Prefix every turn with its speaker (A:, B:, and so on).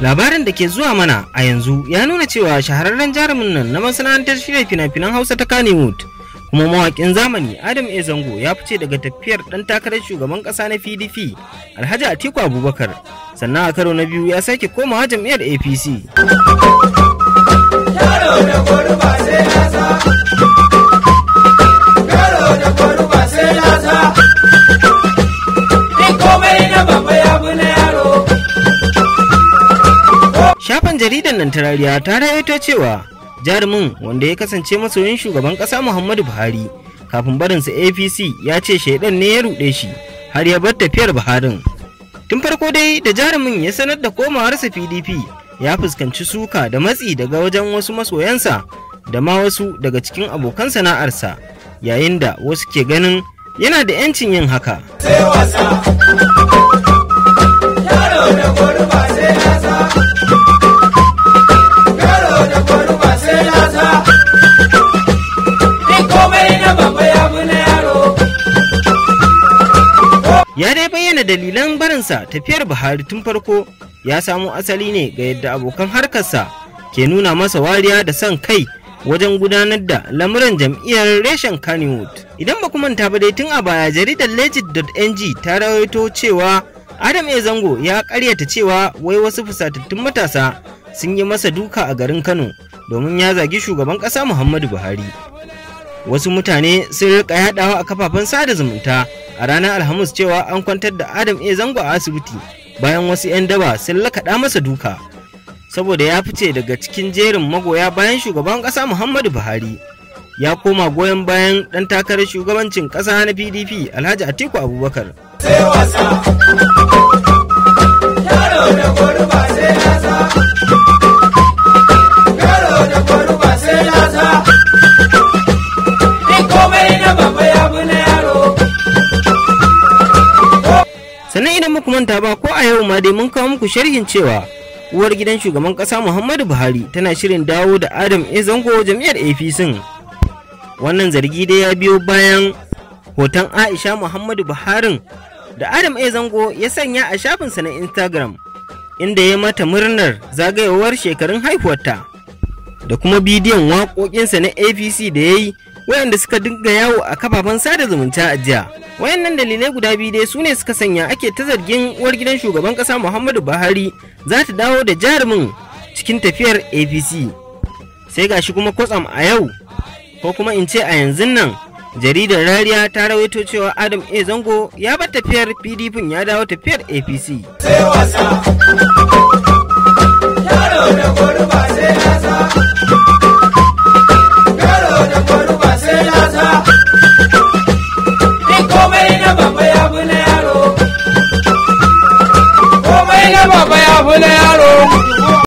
A: labarin da ke zuwa mana a yanzu ya nuna cewa shahararren jarumin nan na masana'antar shirya fina-finan hausa ta kanewood kuma mawaƙin zamani adam a zango ya fice daga tafiyar ɗan takarar shugaban ƙasa na pdp alhaji atiku abubakar sannan a karo na biyu ya sake komawa jam'iyyar apc Shafan jaridar nan ta rariya ta rayato cewa jarumin wanda ya kasance masoyin shugaban ƙasa muhammadu buhari kafin barinsa apc ya ce shaidan ne ya ruɗe shi har ya bar tafiyar buharin tun farko dai da jarumin ya sanar da komawarsa pdp ya fuskanci suka da matsi daga wajen wasu masoyansa da ma wasu daga cikin abokan sana'arsa yayin da wasu ke ganin yana da 'yancin yin haka. ya dai bayyana dalilan barinsa tafiyar buhari tun farko ya samo asali ne ga yadda abokan harkarsa ke nuna masa wariya da son kai wajen gudanar da lamuran jam'iyyar reshen kannywood idan ba manta ba dai tun a baya jaridar legit.ng ta rawaito cewa adam e zango ya karyata cewa wai wasu fusatattun matasa sun yi masa duka a garin kano domin ya zagi shugaban ƙasa muhammadu buhari wasu mutane sun rika yaɗawa a kafafen sada zumunta a ranar alhamis cewa an kwantar da adam e zango a asibiti bayan wasu 'yan daba sun lakaɗa masa duka saboda ya fice daga cikin jerin magoya bayan shugaban ƙasa muhammadu buhari ya koma goyon bayan ɗan takarar shugabancin ƙasa na pdp alhaji atiku abubakar sai wasa sannan idan muku manta ba ko a yau ma dai mun kawo muku sharhin cewa uwar gidan shugaban kasa muhammadu buhari tana shirin dawo da adam e zango apc wannan zargi dai ya biyo bayan hoton aisha muhammadu buharin da adam e zango ya sanya a shafinsa na instagram inda ya mata murnar zagayowar shekarun haihuwarta da kuma bidiyon waƙoƙinsa na apc da ya yi wayanda suka dinga yawo a kafafen sada zumunta a jiya wayannan dalilai guda biyu dai su ne suka sanya ake ta zargin uwar gidan shugaban kasa muhammadu buhari za ta dawo da jarumin cikin tafiyar apc sai gashi kuma kwatsam a yau ko kuma in ce a yanzun nan jaridar rariya ta rawaito cewa adam a zango ya bar tafiyar pdp ya dawo tafiyar apc sai
B: na babba ya fi na yaro komai